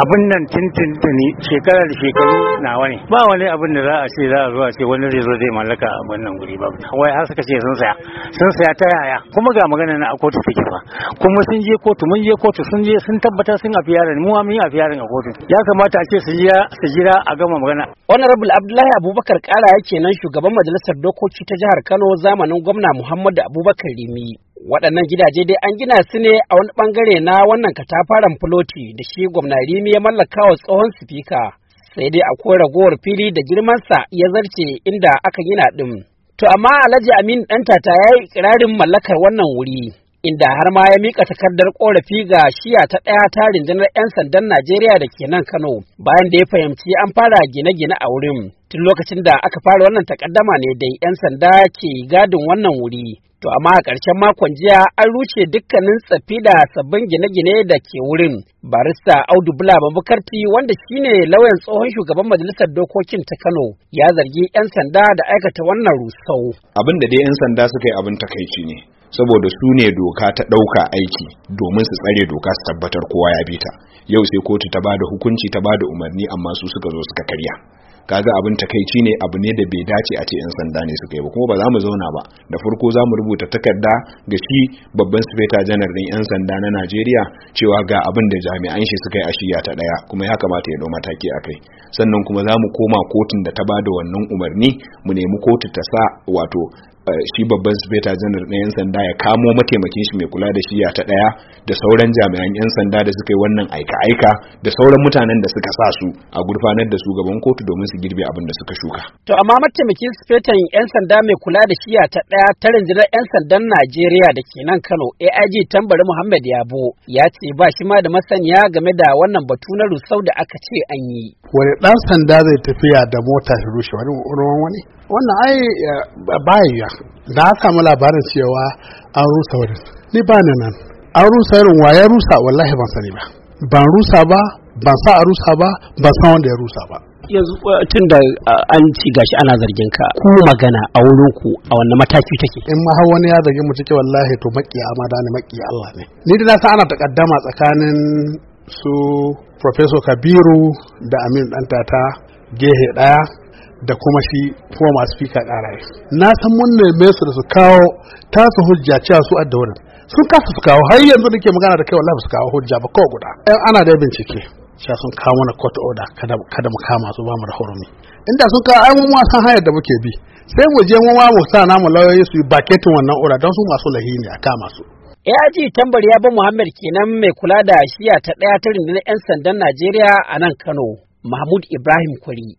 abin nan tintintini shekara da shekaru nawa ne ba wani abin da za a ce za a zuwa ce wani zai zo zai mallaka a wannan guri ba wai har suka ce sun saya sun saya ta yaya kuma ga magana na a kotu take ba kuma sun je kotu mun je kotu sun je sun tabbatar sun afiyarin mu mun afi afiyarin a kotu ya kamata a ce su jira su jira a gama magana rabul abdullahi abubakar kara yake nan shugaban majalisar dokoki ta jihar kano zamanin gwamna muhammadu abubakar rimi waɗannan gidaje dai an gina su ne a wani ɓangare na wannan katafaren filoti da shi gwamna rimi ya mallaka wa tsohon sifika sai dai akwai ragowar fili da girmansa ya zarce inda aka gina ɗin to amma alhaji amin ɗantata ya yi ikirarin mallakar wannan wuri inda har ma ya mika takardar korafi ga shiya ta ɗaya ta rinjinar 'yan sandan Najeriya da ke nan Kano bayan da ya fahimci an fara gine-gine a wurin. Tun lokacin da aka fara wannan takaddama ne dai 'yan sanda ke gadin wannan wuri. To amma a ƙarshen makon jiya an ruce dukkanin tsafi da sabbin gine-gine da ke wurin. Barista Audu Bula Babakarti wanda shine lauyan tsohon shugaban majalisar dokokin ta Kano ya zargi 'yan sanda da aikata wannan rusau. Abin da dai 'yan sanda suka yi abin takaici ne. saboda su ne doka ta ɗauka aiki domin su tsare doka su tabbatar kowa ya bi ta yau sai kotu ta bada hukunci ta bada umarni amma su suka zo suka karya kaga abin takaici ne abu ne da bai dace a ce yan sanda ne suka yi ba kuma ba za mu zauna ba da farko za mu rubuta takarda ga shi babban sufeta janar din yan sanda na Najeriya cewa ga abin da jami'an shi suka yi a shiya ta ɗaya kuma ya kamata ya dau mataki a kai sannan kuma za mu koma kotun da ta bada wannan umarni mu nemi kotu ta sa wato Eh, shi babban speta janar na 'yan sanda ya kamo mataimakin shi mai kula da shiya ta ɗaya, da sauran jami'an 'yan sanda da suka yi wannan aika-aika da sauran mutanen da suka sa su a gurfanar da su gaban kotu domin su girbe abin da suka shuka. To amma mataimakin spetan 'yan sanda mai kula da shiya ta ɗaya, ta rundunar 'yan sandan Najeriya da ke nan Kano AIG Tambari Muhammad Yabo ya ce ba shi ma da masaniya game da wannan batu na rusau da aka ce an yi. Wani ɗan sanda zai tafiya da mota shi rushe wani wani? wannan ai eh, baya da aka samu labarin cewa an rusa wurin ni ba ne nan an rusa irin ya rusa wallahi ban sani ba ban rusa ba ban sa a rusa ba ban san wanda ya rusa ba yanzu eh, tun da eh, an ci gashi ana zargin ka ku magana a wurin ku a wannan mataki take in ma har wani ya zargi mu cike wallahi to makiya ma da ni makiya Allah ne ni da na san ana takaddama tsakanin su professor Kabiru da Aminu Dantata gehe daya da kuma shi former speaker ɗara na san mun me su da su kawo tasu hujja cewa su addawarin sun kasa su kawo har yanzu nake magana da kai wallahi su kawo hujja ba kawai guda eh, ana da bincike cewa sun kawo mana court order kada mu kama su ba mu da hurumi inda sun kawo ai mu ma san hayar da muke bi sai mu je mu ma mu sa namu lauyoyi su yi baketin wannan order don su masu lahini a kama su AIG tambar ya ba Muhammad kenan mai kula da shiya ta ɗaya ta rundunar 'yan sandan Najeriya a nan Kano, Mahmud Ibrahim Kwari.